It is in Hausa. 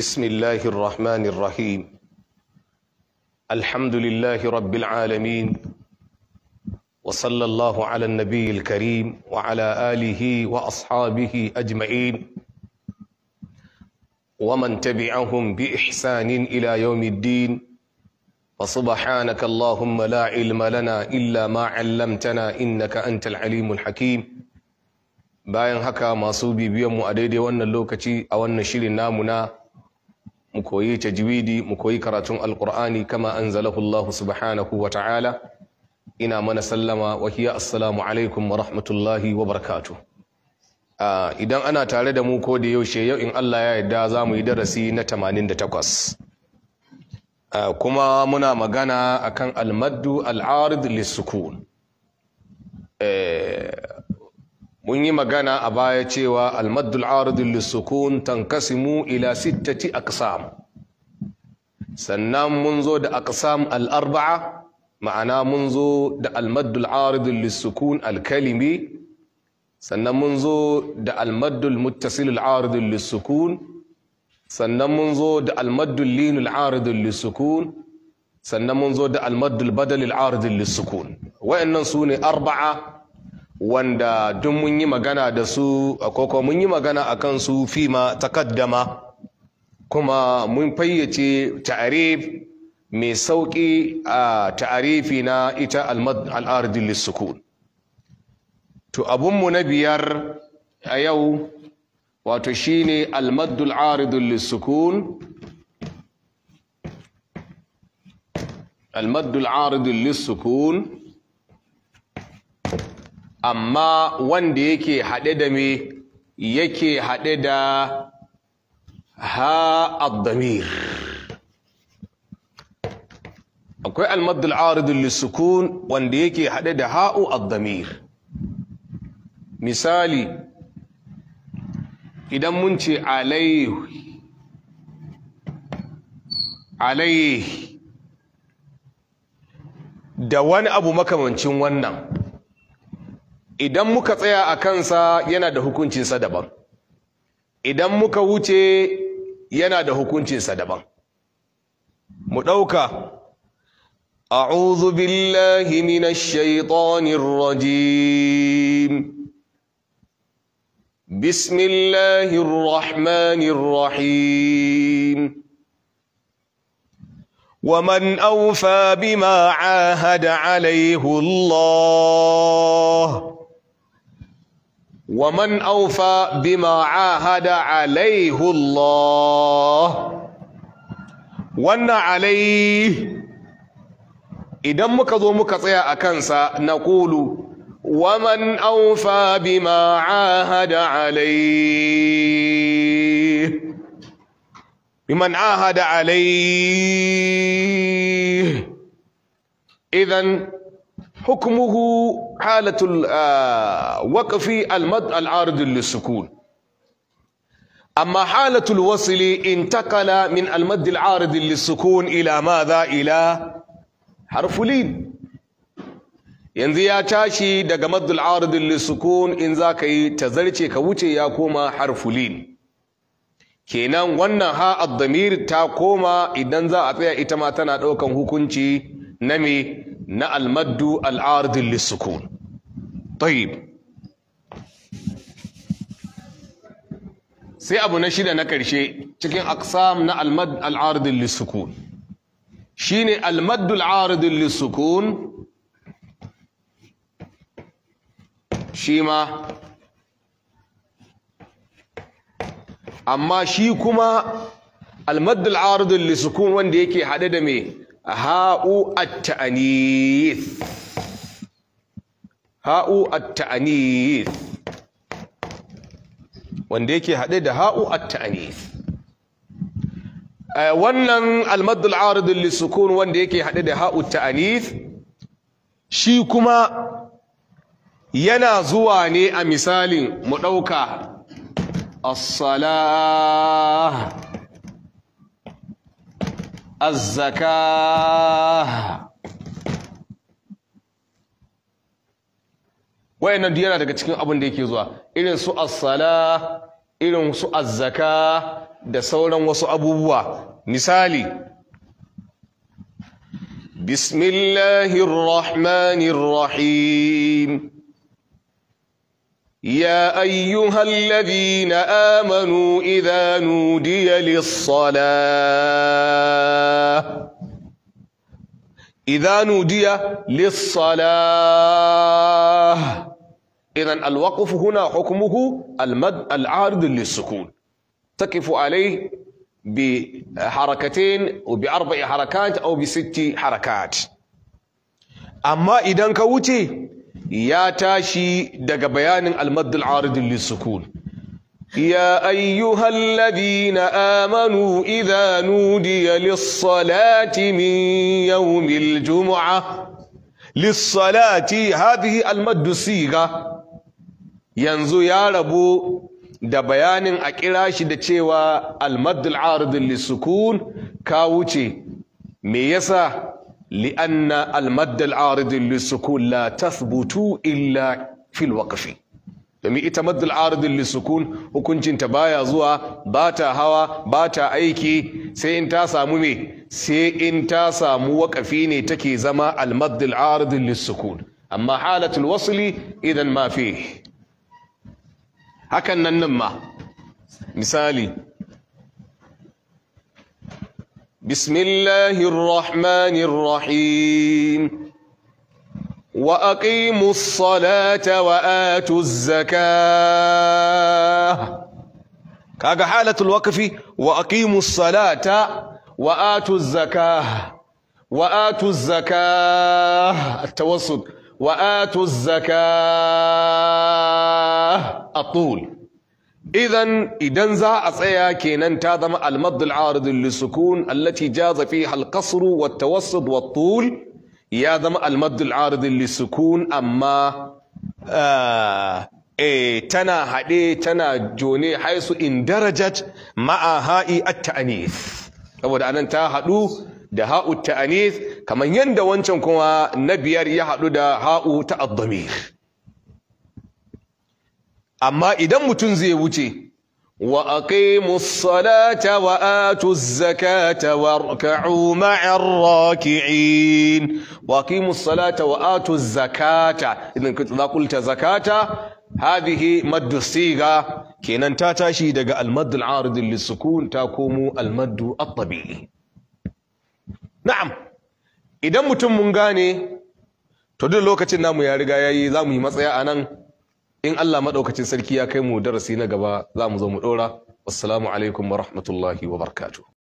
بسم الله الرحمن الرحيم الحمد لله رب العالمين وصلى الله على النبي الكريم وعلى آله وأصحابه أجمعين ومن تبعهم بإحسان إلى يوم الدين وسبحانك اللهم لا علم لنا إلا ما علمتنا إنك أنت العليم الحكيم bayan haka masu bibiyanmu a daidai wannan lokaci a wannan shirin namu mu koyi tajwidi mu koyi karatun alqur'ani kama anzalahu Allah subhanahu wa ta'ala ina mana sallama wa hiya assalamu alaikum wa rahmatullahi wa barakatuh idan ana tare da mu ko da yaushe yau in Allah ya yarda za mu yi darasi na 88 kuma muna magana akan almaddu al'arid lissukun eh, mun yi magana a baya cewa almaddul aridul lisukun tankasimu ila sittati aqsam sannan mun zo da aqsam al-arba'a ma'ana mun zo da almaddul aridul lisukun al-kalimi sannan mun zo da almaddul muttasilul aridul lisukun sannan mun zo da almaddul linul aridul lisukun sannan mun zo da almaddul badalil aridul lisukun wayannan sune arba'a wanda duk mun yi magana da su koko mun yi magana a kansu su fima takaddama kuma mun fayyace ta'arif mai sauƙi a ta'arifi na ita al'ardin lissukun to abinmu na biyar a yau wato ne almaddul aridul lissukun almaddul aridul lissukun amma wanda yake haɗe da me yake haɗe da ha addamir akwai almaddul aridul lisukun wanda yake haɗe da ha'u addamir misali idan mun ce alaihi da wani abu makamancin wannan idan muka tsaya a kansa yana da hukuncinsa daban idan muka wuce yana da hukuncinsa daban mu ɗauka a'udhu billahi minash shaitanir rajim bismillahir rahmanir rahim ومن أوفى بما عاهد عليه الله wa man aufa bima ahada alaihi Allah wannan alai idan muka zo muka tsaya a kansa na kulu waman aufa bima ahada alai biman ahada alai idan hukmuhu halatul ah, waqfi al-mad al-arid lis أما حالة الوصل انتقل من المد العارض للسكون إلى ماذا؟ إلى حرف لين yanzu ya tashi daga maddul lissukun in za yi ta zarce ka wuce ya koma harfulin kenan wannan ha damir ta koma idan za a tsaya ita ma tana ɗaukan hukunci na me na almaddu al'ardin lissukun tayyib sai abu na shida na ƙarshe cikin aksam na almaddu al'ardin lissukun shi ne almaddu al'ardin lissukun shi ma amma shi kuma almaddu al'ardin lissukun wanda yake haɗe da mai ha'u at-ta'anith ha'u at-ta'anith wanda yake haɗe da ha'u at-ta'anith eh, wannan almaddul arid lisukun wanda yake haɗe da ha'u ta'anif shi kuma yana zuwa ne a misalin mu ɗauka as-salah الزكاه wayannan duk yana daga cikin abin da yake zuwa irin su as-sala irin su az-zaka da sauran wasu abubuwa misali bismillahir rahmanir rahim يا أيها الذين آمنوا إذا نودي للصلاة إذا نودي للصلاة إذا الوقف هنا حكمه المد العارض للسكون تقف عليه بحركتين وبأربع حركات أو بست حركات أما إذا كوتي ya tashi daga bayanin almaddul aridin lissukun يا أيها الذين آمنوا إذا نودي للصلاة من يوم الجمعة للصلاة هذه المد الصيغة ينزو يا ربو da bayanin a kira shi da cewa almaddul aridin lissukun me yasa لأن المد العارض للسكون لا تثبت إلا في الوقف domin ita maddal aridin lissukun hukuncinta baya zuwa ba ta hawa ba ta aiki sai in ta samu me sai in ta samu waƙafi ne take zama almaddal aridin lissukun amma halatul wasuli idan ma hakan ma misali بسم الله الرحمن الرحيم وأقيموا الصلاة وآتوا الزكاة كاغا حالة الوقف وأقيموا الصلاة وآتوا الزكاة وآتوا الزكاة التوسط وآتوا الزكاة الطول idan idan za a tsaya kenan ta zama al-madd al-arid lisukun allati jaza fiha wa tawassud tul ya zama al-madd lisukun amma eh, eh tana hade tana jone haisu in darajat ma'a ha'i at ta'anis saboda anan ta hadu da ha'u at ta'anis kaman yanda wancan kuma na biyar ya hadu da ha'u ta ad-damir amma idan mutum zai wuce wa aqimus salata wa atuz zakata warka'u ma'ar raki'in wa aqimus salata wa zakata idan kun kulta zakata hadhihi maddu siga kenan ta tashi daga al-madd al-arid lis-sukun ta komo al-madd at-tabi'i na'am idan mutum mun gane to duk lokacin namu ya riga yayi zamu yi matsaya a nan. in Allah maɗaukacin sarki ya kai mu darasi na gaba za mu zo mu ɗora assalamu alaikum wa rahmatullahi wa barkatu.